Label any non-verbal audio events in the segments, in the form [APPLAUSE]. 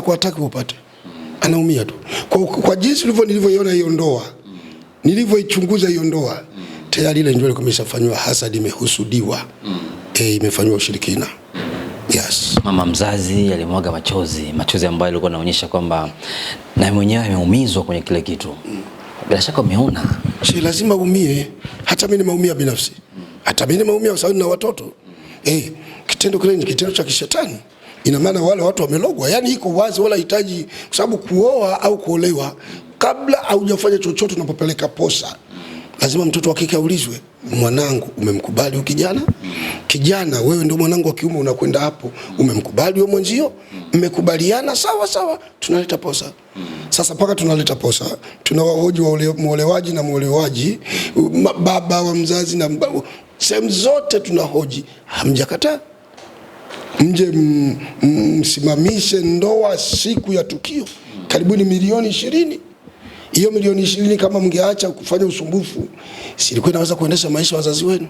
Kwa hataki upate. Anaumia tu. Kwa, kwa jinsi ulivyo nilivyoiona hiyo ndoa. Nilivyoichunguza hiyo ndoa. Tayari ile ndoa ilikuwa imeshafanywa hasadi, imehusudiwa. E, imefanywa ushirikina. Yes. Mama mzazi alimwaga machozi, machozi ambayo alikuwa anaonyesha kwamba na mwenyewe ameumizwa kwenye kile kitu. mm. Bila shaka umeona. Si lazima umie. Hata mimi nimeumia binafsi. Mm. Hata mimi nimeumia kwa sababu nina watoto. E, kitendo kile ni kitendo cha kishetani ina maana wale watu wamelogwa, yani iko wazi, wala hitaji kwa sababu kuoa au kuolewa, kabla haujafanya chochote, unapopeleka posa lazima mtoto wa kike aulizwe, mwanangu, umemkubali huyu Kijana Kijana wewe ndio mwanangu wa kiume, unakwenda hapo, umemkubali huyo mwenzio? Mmekubaliana sawa sawa, tunaleta posa. Sasa paka tunaleta posa, tunawahoji muolewaji na muolewaji, baba wa mzazi na sehemu zote tunahoji, hamjakataa mje msimamishe ndoa siku ya tukio, karibuni milioni ishirini. Hiyo milioni ishirini kama mngeacha kufanya usumbufu, silikuwa inaweza kuendesha maisha wazazi wenu.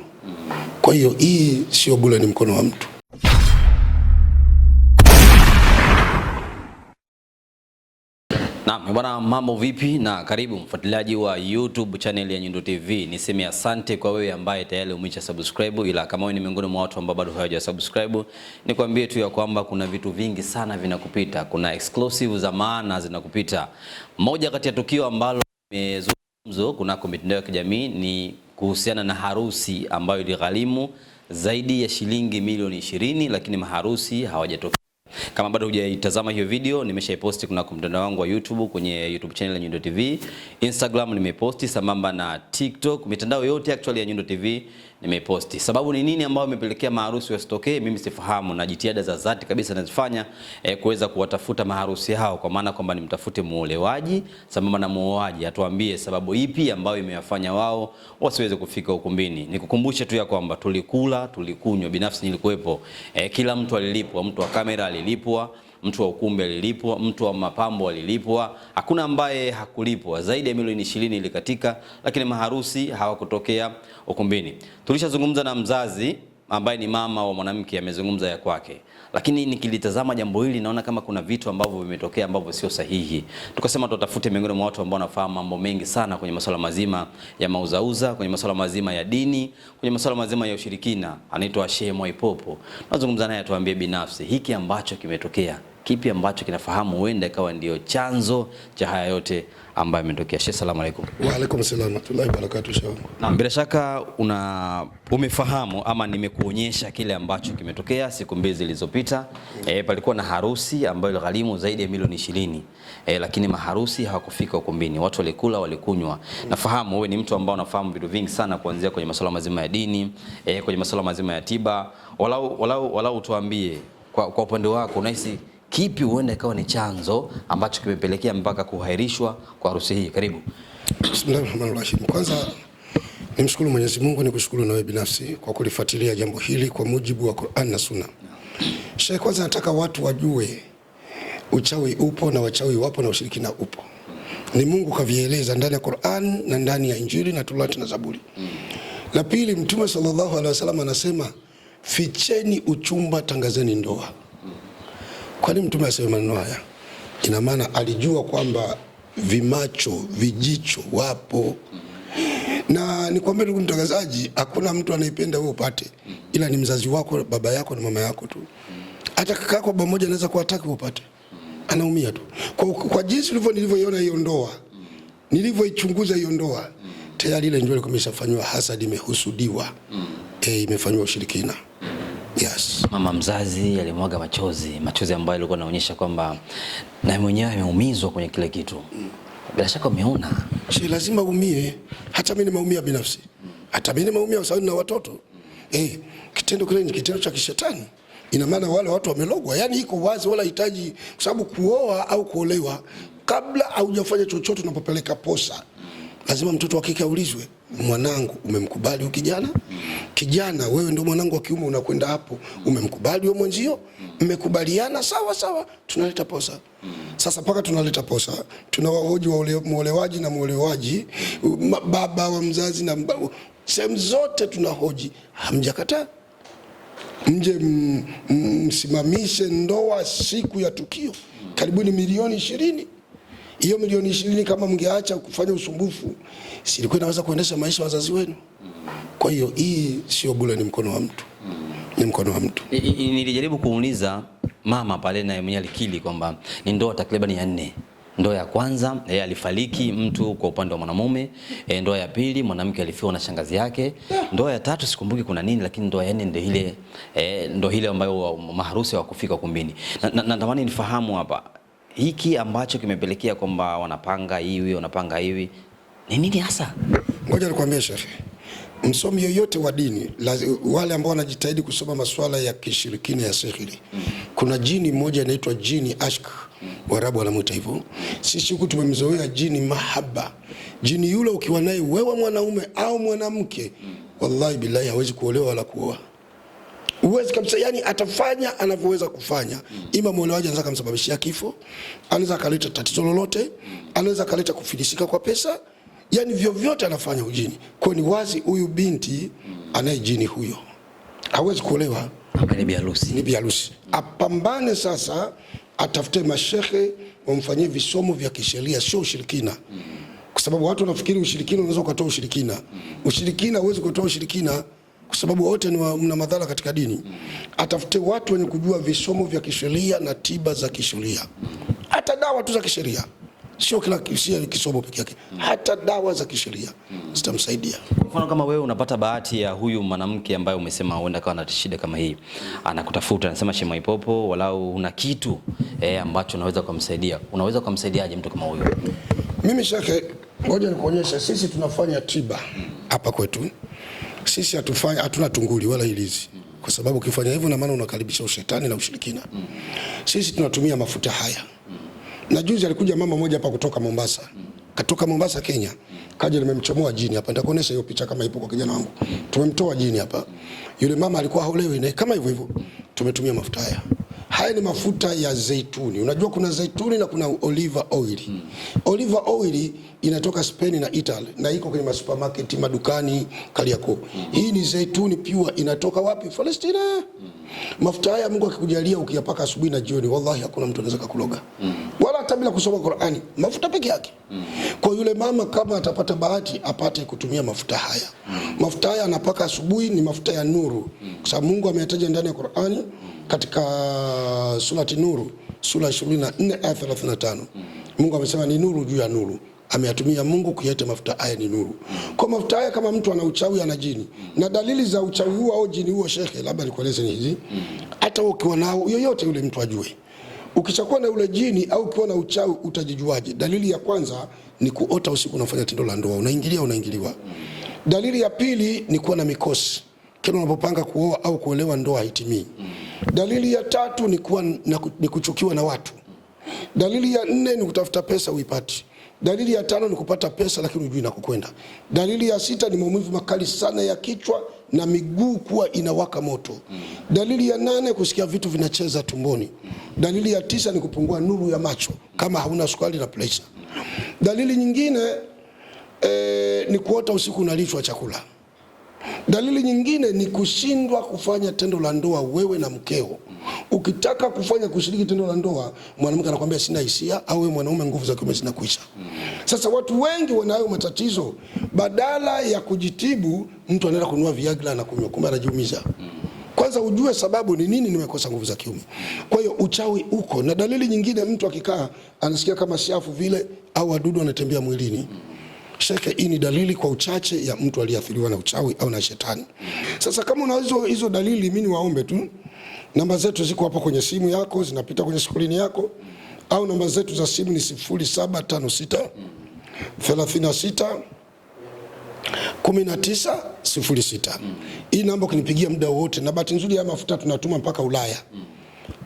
Kwa hiyo hii sio bure, ni mkono wa mtu. Bwana, mambo vipi na karibu mfuatiliaji wa YouTube channel ya Nyundo TV. Niseme asante kwa wewe ambaye tayari umeisha subscribe, ila kama wewe ni miongoni mwa watu ambao bado hawaja subscribe, nikwambie tu ya kwamba kuna vitu vingi sana vinakupita, kuna exclusive za maana zinakupita. Moja kati ya tukio ambalo limezungumzwa kunako mitandao ya kijamii ni kuhusiana na harusi ambayo iligharimu zaidi ya shilingi milioni ishirini, lakini maharusi hawajatoka kama bado hujaitazama hiyo video, nimeshaiposti kuna mtandao wangu wa YouTube kwenye YouTube channel ya Nyundo TV, Instagram nimeposti sambamba na TikTok, mitandao yote actually ya Nyundo TV nimeposti. Sababu ni nini ambayo imepelekea maharusi wasitokee? Mimi sifahamu, na jitihada za dhati kabisa nazifanya e, kuweza kuwatafuta maharusi hao, kwa maana kwamba nimtafute muolewaji sambamba na muoaji atuambie sababu ipi ambayo imewafanya wao wasiweze kufika ukumbini. Nikukumbushe tu ya kwamba tulikula, tulikunywa, binafsi nilikuwepo, e, kila mtu alilipwa, mtu wa kamera alilipwa mtu wa ukumbi alilipwa, mtu wa mapambo alilipwa, hakuna ambaye hakulipwa. Zaidi ya milioni ishirini ilikatika, lakini maharusi hawakutokea ukumbini. Tulishazungumza na mzazi ambaye ni mama wa mwanamke amezungumza ya, ya kwake, lakini nikilitazama jambo hili naona kama kuna vitu ambavyo vimetokea ambavyo sio sahihi. Tukasema tutafute miongoni mwa watu ambao wanafahamu mambo mengi sana kwenye masuala mazima ya mauzauza, kwenye masuala mazima ya dini, kwenye masuala mazima ya ushirikina. Anaitwa Shehe Mwaipopo, tunazungumza naye, atuambie binafsi hiki ambacho kimetokea kipi ambacho kinafahamu huenda ikawa ndio chanzo cha haya yote ambayo imetokea. Sheikh, salamu alaykum. Wa alaykum salaam wa barakatuh. Na bila shaka una umefahamu ama nimekuonyesha kile ambacho kimetokea siku mbili zilizopita. Mm. Eh, palikuwa na harusi ambayo iligharimu zaidi ya milioni ishirini. Eh, lakini maharusi hawakufika ukumbini. Watu walikula, walikunywa. Mm. Nafahamu wewe ni mtu ambao unafahamu vitu vingi sana kuanzia kwenye masuala mazima ya dini, eh, kwenye masuala mazima ya tiba. Walau walau walau tuambie kwa, kwa upande wako unahisi kipi huenda ikawa ni chanzo ambacho kimepelekea mpaka kuhairishwa kwa harusi hii? Karibu. Bismillahirrahmanirrahim. Kwanza nimshukuru Mwenyezi Mungu, nikushukuru nawe binafsi kwa kulifuatilia jambo hili kwa mujibu wa Qur'an na Sunna. Sheikh, kwanza nataka watu wajue uchawi upo na wachawi wapo na ushirikina upo. Ni Mungu kavieleza ndani ya Qur'an na ndani ya Injili na Torati na Zaburi. La pili, Mtume sallallahu alaihi wasallam anasema, ficheni uchumba, tangazeni ndoa. Kwa nini Mtume aseme maneno haya? Ina maana alijua kwamba vimacho vijicho wapo, na nikwambie ndugu mtangazaji, hakuna mtu anaipenda wewe upate, ila ni mzazi wako, baba yako na mama yako tu. Hata kaka yako baba mmoja anaweza kuwataka upate, anaumia tu. Kwa, kwa jinsi ulivyo, nilivyoiona hiyo ndoa, nilivyoichunguza hiyo ndoa, tayari ile ndoa ilikuwa imeshafanywa hasadi, imehusudiwa, eh, imefanywa ushirikina. Yes. Mama mzazi alimwaga machozi, machozi ambayo alikuwa anaonyesha kwamba naye mwenyewe ameumizwa kwenye kile kitu. Bila shaka umeona, si lazima umie. Hata mimi nimeumia binafsi, hata mimi nimeumia kwa sababu na watoto eh. Kitendo kile ni kitendo cha kishetani, ina maana wale watu wamelogwa, yani iko wazi, wala hitaji, kwa sababu kuoa au kuolewa kabla haujafanya chochote, unapopeleka posa lazima mtoto wa kike aulizwe, mwanangu, umemkubali ukijana? Kijana wewe ndio mwanangu wa kiume, unakwenda hapo, umemkubali huyo mwenzio? Mmekubaliana sawa sawa, tunaleta posa sasa. Paka tunaleta posa, tunawahoji muolewaji na mwolewaji, baba wa mzazi na sehemu zote tunahoji, hamjakataa mje msimamishe ndoa siku ya tukio, karibuni milioni ishirini hiyo milioni ishirini kama mngeacha kufanya usumbufu, silikuwa inaweza kuendesha maisha ya wazazi wenu. Kwa hiyo hii sio bure, ni mkono wa mtu, ni mkono wa mtu. Nilijaribu kuuliza mama pale, naye mwenyewe alikiri kwamba ni ndoa takriban ya nne Ndoa ya kwanza yeye alifariki mtu kwa upande wa mwanamume e, ndoa ya pili mwanamke alifiwa na shangazi yake, ndoa ya tatu sikumbuki kuna nini, lakini ndoa ya nne ndio ile e, ndio ile ambayo maharusi hawakufika kumbini na natamani nifahamu hapa hiki ambacho kimepelekea kwamba wanapanga hivi wanapanga hivi ni nini hasa? Ngoja nikwambie Sheikh, msomi yoyote wa dini wale ambao wanajitahidi kusoma masuala ya kishirikina ya sihiri Kuna jini moja inaitwa jini ashk warabu Waarabu wanamwita hivyo. Sisi huku tumemzoea jini mahaba. Jini yule ukiwa naye wewe mwanaume au mwanamke Wallahi billahi hawezi kuolewa wala kuoa. Uwezi kabisa, yani atafanya anavyoweza kufanya. Ima mwelewaji anaweza kumsababishia kifo, anaweza akaleta tatizo lolote, anaweza akaleta kufilisika kwa pesa, yani vyovyote anafanya ujini. Kwa ni wazi huyu binti anaye jini huyo hawezi kuolewa, ni ni harusi. Apambane sasa, atafute mashehe wamfanyie visomo vya kisheria, sio ushirikina kwa sababu watu wanafikiri ushirikina unaweza kutoa ushirikina. Ushirikina huwezi kutoa ushirikina kwa sababu wote mna madhara katika dini, atafute watu wenye kujua visomo vya kisheria na tiba za kisheria, hata dawa tu za kisheria, sio kila kisomo peke yake, hata dawa za kisheria zitamsaidia. Kwa mfano kama wewe unapata bahati ya huyu mwanamke ambaye umesema huenda kawa na shida kama hii, anakutafuta anasema, Shemah Ipopo, walau una kitu eh, ambacho unaweza kumsaidia, unaweza kumsaidiaje mtu kama huyu? Mimi shaka, ngoja nikuonyesha, sisi tunafanya tiba hapa kwetu. Sisi hatufanya hatuna tunguli wala ilizi, kwa sababu ukifanya hivyo, na maana unakaribisha ushetani na ushirikina. Sisi tunatumia mafuta haya, na juzi alikuja mama moja hapa kutoka Mombasa, katoka Mombasa Kenya, kaja nimemchomoa jini hapa, nitakuonesha hiyo picha kama ipo kwa kijana wangu. Tumemtoa jini hapa, yule mama alikuwa haolewi, na kama hivyo hivyo tumetumia mafuta haya haya ni mafuta ya zeituni. Unajua kuna zeituni na kuna olive oil. Hmm. Olive oil inatoka Spain na Italy na iko kwenye supermarket, madukani Kariakoo. Hmm. Hii ni zeituni pure inatoka wapi? Palestina. Hmm. Mafuta haya Mungu akikujalia ukiyapaka asubuhi na jioni, wallahi hakuna mtu anaweza kukuloga. Hmm. Wala hata bila kusoma Qur'ani, mafuta peke yake. Hmm. Kwa yule mama kama atapata bahati apate kutumia mafuta haya. Hmm. Mafuta haya anapaka asubuhi ni mafuta ya nuru. Hmm. Kwa sababu Mungu ameyataja ndani ya Qur'ani. Hmm katika surati Nuru sura 24 aya 35, Mungu amesema ni nuru juu ya nuru ameyatumia Mungu kuyaita mafuta haya ni nuru. Kwa mafuta haya kama mtu ana uchawi ana jini na dalili za uchawi huo au jini huo, shekhe, labda nikueleze ni hizi. Hata ukiwa nao yoyote yule mtu ajue. Ukishakuwa na ule jini au ukiwa na uchawi utajijuaje? Dalili ya kwanza ni kuota usiku unafanya tendo la ndoa, unaingilia unaingiliwa. Dalili ya pili ni kuwa na mikosi. Kila unapopanga kuoa au kuolewa ndoa haitimii. Dalili ya tatu ni kuwa na, ni kuchukiwa na watu. Dalili ya nne ni kutafuta pesa uipati. Dalili ya tano ni kupata pesa lakini hujui nakokwenda. Dalili ya sita ni maumivu makali sana ya kichwa na miguu kuwa inawaka moto. Dalili ya nane kusikia vitu vinacheza tumboni. Dalili ya tisa ni kupungua nuru ya macho kama hauna sukari na presha. Dalili nyingine eh, ni kuota usiku unalishwa chakula. Dalili nyingine ni kushindwa kufanya tendo la ndoa, wewe na mkeo. Ukitaka kufanya kushiriki tendo la ndoa, mwanamke anakuambia sina hisia, au wewe mwanaume nguvu za kiume zinakuisha. Sasa watu wengi wanayo matatizo, badala ya kujitibu, mtu anaenda kunua Viagra na kunywa, kumbe anajiumiza. Kwanza ujue sababu ni nini, nimekosa nguvu za kiume. Kwa hiyo uchawi uko. Na dalili nyingine, mtu akikaa anasikia kama siafu vile, au wadudu wanatembea mwilini. Sheke, hii ni dalili kwa uchache ya mtu aliyeathiriwa na uchawi au na shetani. Sasa kama una hizo dalili, mimi niwaombe tu, namba zetu ziko hapo kwenye simu yako, zinapita kwenye skrini yako, au namba zetu za simu ni 0756 36 1906. Hii namba ukinipigia muda wowote, na bahati nzuri ya mafuta tunatuma mpaka Ulaya.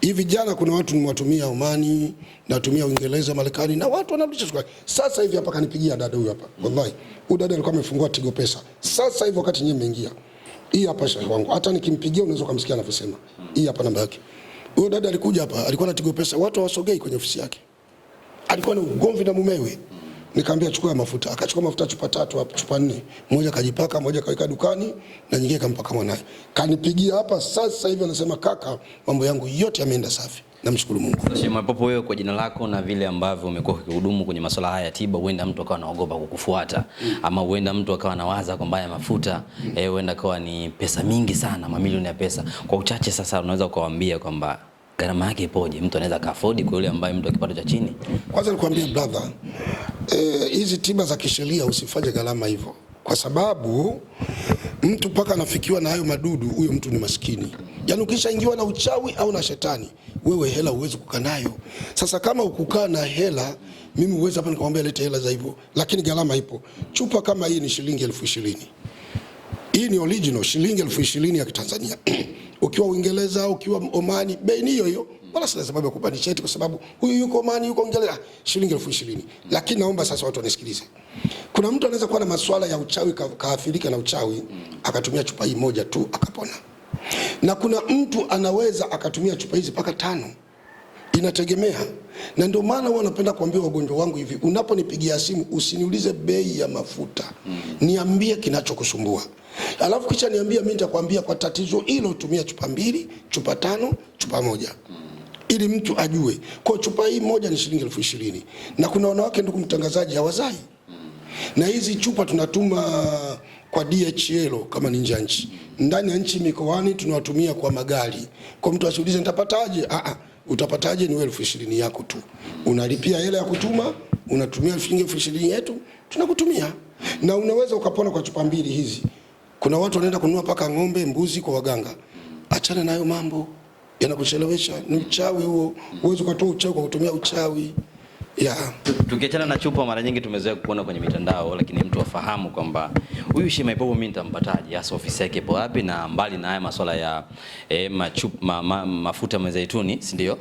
Hii vijana kuna watu nimewatumia Omani, natumia Uingereza, Marekani na watu wanarudisha shukrani. Sasa hivi hapa kanipigia dada huyu hapa. Wallahi, huyu dada alikuwa amefungua Tigo Pesa. Sasa hivi wakati nyewe mmeingia. Hii hapa shauri wangu. Hata nikimpigia unaweza kumsikia anavyosema. Hii hapa namba yake. Huyu dada alikuja hapa, alikuwa na Tigo Pesa. Watu hawasogei kwenye ofisi yake. Alikuwa na ugomvi na mumewe. Nikamwambia chukua mafuta. Akachukua mafuta chupa tatu hapo, chupa nne. Moja kajipaka, moja kaweka dukani na nyingine kampaka mwanae. Kanipigia hapa sasa hivi anasema kaka, mambo yangu yote yameenda safi. Namshukuru Mungu. Sasa mapopo wewe kwa jina lako na vile ambavyo umekuwa ukihudumu kwenye masuala haya ya tiba, huenda mtu akawa anaogopa kukufuata mm, ama huenda mtu akawa anawaza kwamba haya mafuta mm, eh, huenda akawa ni pesa mingi sana, mamilioni ya pesa. Kwa uchache sasa unaweza ukawaambia kwamba gharama yake ipoje? Mtu anaweza kaafodi kwa yule ambaye mtu akipato cha chini? Kwanza nikwambie brother, Eh, hizi e, tiba za kisheria usifanye gharama hivyo, kwa sababu mtu mpaka anafikiwa na hayo madudu, huyo mtu ni maskini. Yaani ukishaingiwa na uchawi au na shetani, wewe hela huwezi kukaa nayo. Sasa kama ukukaa na hela, mimi uwezi hapa nikamwambia lete hela za hivyo, lakini gharama ipo. Chupa kama hii ni shilingi elfu ishirini. Hii ni original shilingi elfu ishirini ya Kitanzania. [CLEARS THROAT] ukiwa Uingereza, ukiwa Omani, bei ni hiyo hiyo wala sina sababu ya kukupa nisheti kwa sababu huyu yuko mani yuko Uingereza, shilingi elfu ishirini. Lakini naomba sasa watu wanisikilize. Kuna mtu anaweza kuwa na masuala ya uchawi, kaathirika na uchawi, akatumia chupa hii moja tu akapona, na kuna mtu anaweza akatumia chupa hizi mpaka tano, inategemea. Na ndio maana huwa napenda kuambia wagonjwa wangu hivi, unaponipigia simu usiniulize bei ya mafuta, niambie kinachokusumbua alafu kisha niambia, mimi nitakwambia kwa tatizo hilo tumia chupa mbili, chupa tano, chupa moja ili mtu ajue. Kwa chupa hii moja ni shilingi elfu ishirini na kuna wanawake, ndugu mtangazaji, hawazai na hizi chupa tunatuma kwa DHL kama ni nje ya nchi, ndani ya nchi mikoani tunawatumia kwa magari. Kwa mtu asiulize nitapataje? Ah, utapataje? Ni elfu ishirini yako tu, unalipia hela ya kutuma, unatumia shilingi elfu ishirini yetu tunakutumia, na unaweza ukapona kwa chupa mbili hizi. Kuna watu wanaenda kununua paka ng'ombe, mbuzi kwa waganga. Achana nayo mambo yanakuchelewesha. Ni uchawi huo, huwezi ukatoa uchawi kwa kutumia uchawi. Yeah. Tukiachana na chupa, mara nyingi tumezoea kuona kwenye mitandao, lakini mtu afahamu kwamba huyu Shema Ipopo mimi nitampataje, hasa ofisi yake ipo wapi? Na mbali na haya masuala ya eh, machupa, ma, ma, mafuta mezaituni si ndio?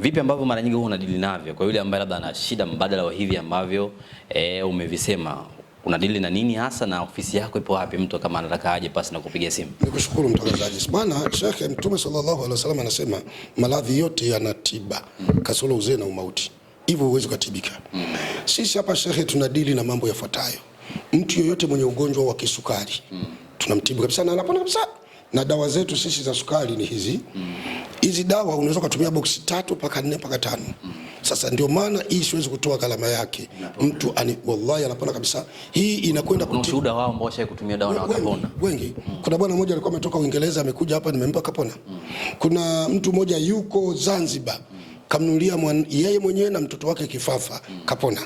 Vipi ambavyo mara nyingi huwa unadili navyo kwa yule ambaye labda ana shida mbadala wa hivi ambavyo eh, umevisema unadili na nini hasa na ofisi yako ipo wapi, mtu kama anataka aje pasi na kupiga simu? Nikushukuru mtangazaji. Maana shekhe Mtume sallallahu alaihi wasallam anasema maradhi yote yana tiba kasoro uzee na umauti, hivyo huwezi kutibika. Sisi hapa shekhe tunadili na mambo yafuatayo: mtu yoyote mwenye ugonjwa wa kisukari tunamtibu kabisa na anapona kabisa na dawa zetu sisi za sukari ni hizi hizi mm. dawa unaweza ukatumia boksi tatu mpaka nne mpaka tano mm. Sasa ndio maana hii siwezi kutoa gharama yake Inapone. Mtu ani, wallahi anapona kabisa, hii inakwenda kuna ushuhuda wao ambao washai kutumia dawa na wakapona wengi mm. Kuna bwana mmoja alikuwa ametoka Uingereza amekuja hapa nimempa kapona mm. Kuna mtu mmoja yuko Zanzibar mm kamnunulia yeye mwenyewe na mtoto wake kifafa, kapona.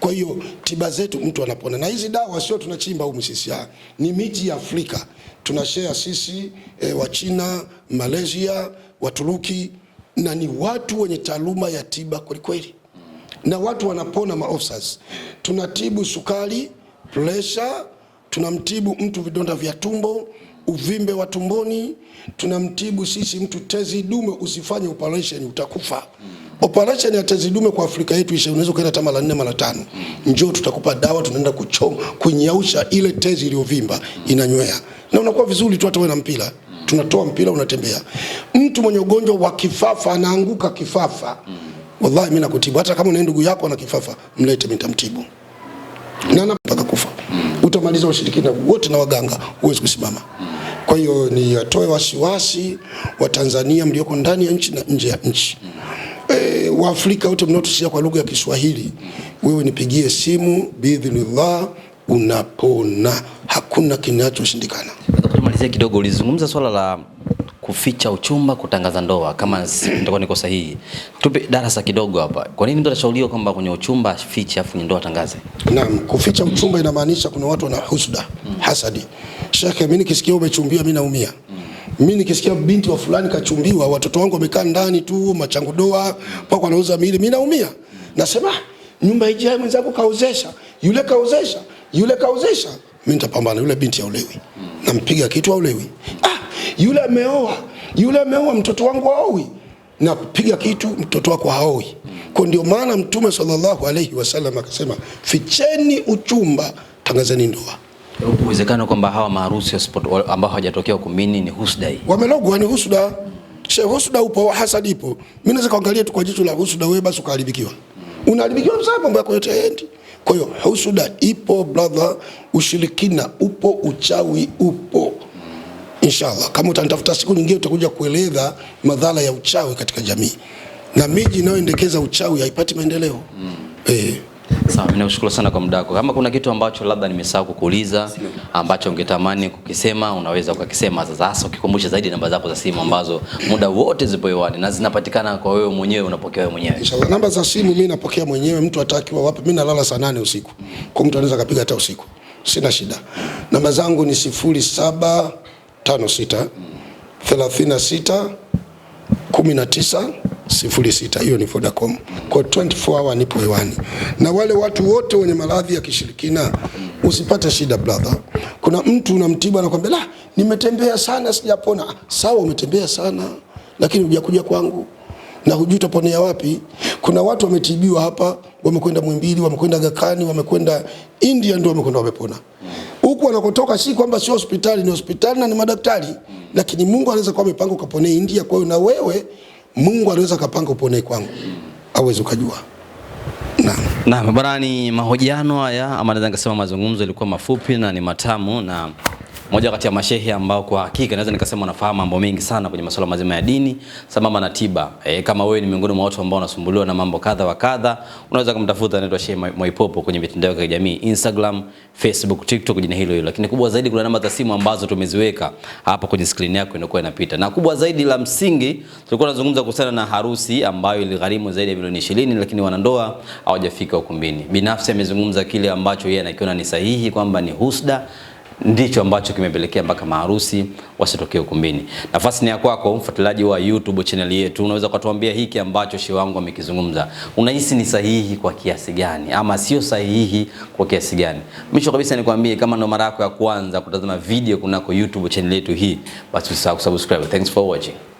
Kwa hiyo tiba zetu mtu anapona, na hizi dawa sio tunachimba humu sisi, ah. ni miji ya Afrika tunashare sisi e, eh, Wachina, Malaysia, Waturuki na ni watu wenye taaluma ya tiba kwelikweli, na watu wanapona maofsas. Tunatibu sukari, pressure, tunamtibu mtu vidonda vya tumbo uvimbe wa tumboni tunamtibu sisi mtu tezi dume. Usifanye operation utakufa. Operation ya tezi dume kwa Afrika yetu isha, unaweza kwenda hata mara nne mara tano. Njoo tutakupa dawa, tunaenda kuchoma kunyausha ile tezi iliyovimba, inanywea na unakuwa vizuri tu, hata wewe na mpira tunatoa mpira unatembea. Mtu mwenye ugonjwa wa kifafa anaanguka kifafa, wallahi mimi nakutibu. Hata kama una ndugu yako ana kifafa, mlete mimi nitamtibu, na mpaka kufa utamaliza ushirikina wote na waganga, huwezi kusimama. Kwa hiyo ni watoe wasiwasi wa Tanzania mlioko ndani ya nchi na nje ya nchi. E, Waafrika wote mnaotusikia kwa lugha ya Kiswahili, wewe nipigie simu biidhnillah, unapona, hakuna kinachoshindikana. Malizia kidogo, ulizungumza swala la kuficha uchumba, kutangaza ndoa, kama nitakuwa niko sahihi. Tupe darasa kidogo hapa, kwa nini mtu anashauriwa kwamba kwenye uchumba afiche afu ndoa atangaze? Naam, kuficha uchumba inamaanisha kuna watu wana husda, hasadi. Shekhe, mimi nikisikia umechumbia mimi naumia mimi nikisikia binti wa fulani kachumbiwa, watoto wangu wamekaa ndani tu, machangu doa pako anauza mili, mimi naumia. Nasema ah, nyumba hii jamaa mwenzangu kaozesha, yule kaozesha, yule kaozesha, mimi nitapambana. Yule binti aulewi, nampiga kitu aulewi. Ah, yule ameoa, yule ameoa, mtoto wangu haoi, na kupiga kitu mtoto wako haoi. Kwa ndio maana Mtume sallallahu alaihi wasallam akasema, ficheni uchumba, tangazeni ndoa. uwezekano kwamba hawa maharusi ambao hawajatokea ukumbini ni husda, wamelogwa, ni husda. She husda upo, hasad ipo. Mimi naweza kuangalia tu kwa jicho la husda, wewe basi ukaharibikiwa, unaharibikiwa msama, mambo yako yote yaendi. Kwa hiyo husda ipo brother, ushirikina upo, uchawi upo Inshallah, kama utanitafuta siku nyingine utakuja kueleza madhara ya uchawi katika jamii na miji inayoendekeza uchawi haipati maendeleo mm. Eh. Sawa, mimi nashukuru sana kwa muda wako. Kama kuna kitu ambacho labda nimesahau kukuuliza ambacho ungetamani kukisema unaweza ukakisema sasa, hasa ukikumbusha zaidi namba zako za simu ambazo muda wote zipo hewani na zinapatikana kwa wewe mwenyewe, unapokea wewe mwenyewe. Inshallah, namba za simu mimi napokea mwenyewe, mtu atakiwa wapi? Mimi nalala saa nane usiku, kwa mtu anaweza kapiga hata usiku, sina shida. Namba zangu ni sifuri saba tano sita thelathini na sita kumi na tisa sifuri sita. Hiyo ni Vodacom. Kwa 24 hour nipo hewani, na wale watu wote wenye maradhi ya kishirikina usipate shida brother. Kuna mtu unamtibu anakwambia, la, nimetembea sana sijapona. Sawa, umetembea sana lakini hujakuja kwangu na hujui utaponea wapi. Kuna watu wametibiwa hapa, wamekwenda Mwimbili, wamekwenda Gakani, wamekwenda India, ndio wamekwenda wamepona huku wanakotoka si kwamba sio hospitali, ni hospitali na ni madaktari, lakini Mungu anaweza kuwa amepanga ukaponee India. Kwa hiyo na wewe Mungu anaweza kapanga uponee kwangu, awezi ukajua. Naam bwana, ni mahojiano haya ama naweza nikasema mazungumzo, yalikuwa mafupi na ni matamu na moja kati ya mashehe ambao kwa hakika naweza nikasema wanafahamu mambo mengi sana kwenye masuala mazima ya dini sambamba na tiba. E, kama wewe ni miongoni mwa watu ambao wanasumbuliwa na mambo kadha wa kadha, unaweza kumtafuta, anaitwa Shehe Mwaipopo kwenye mitandao ya kijamii Instagram, Facebook, TikTok, jina hilo hilo. Lakini kubwa zaidi kuna namba za simu ambazo tumeziweka hapa kwenye screen yako inakuwa inapita. Na kubwa zaidi la msingi tulikuwa tunazungumza kuhusiana na harusi ambayo iligharimu zaidi ya milioni 20 lakini wanandoa hawajafika ukumbini. Binafsi amezungumza kile ambacho yeye anakiona ni sahihi kwamba ni husda ndicho ambacho kimepelekea mpaka maharusi wasitokee ukumbini. Nafasi ni ya kwako, mfuatiliaji wa YouTube channel yetu, unaweza kutuambia hiki ambacho shehe wangu amekizungumza, unahisi ni sahihi kwa kiasi gani ama sio sahihi kwa kiasi gani? Mwisho kabisa nikwambie, kama ndo mara yako ya kwanza kutazama video kunako YouTube channel yetu hii, basi usisahau kusubscribe. Thanks for watching.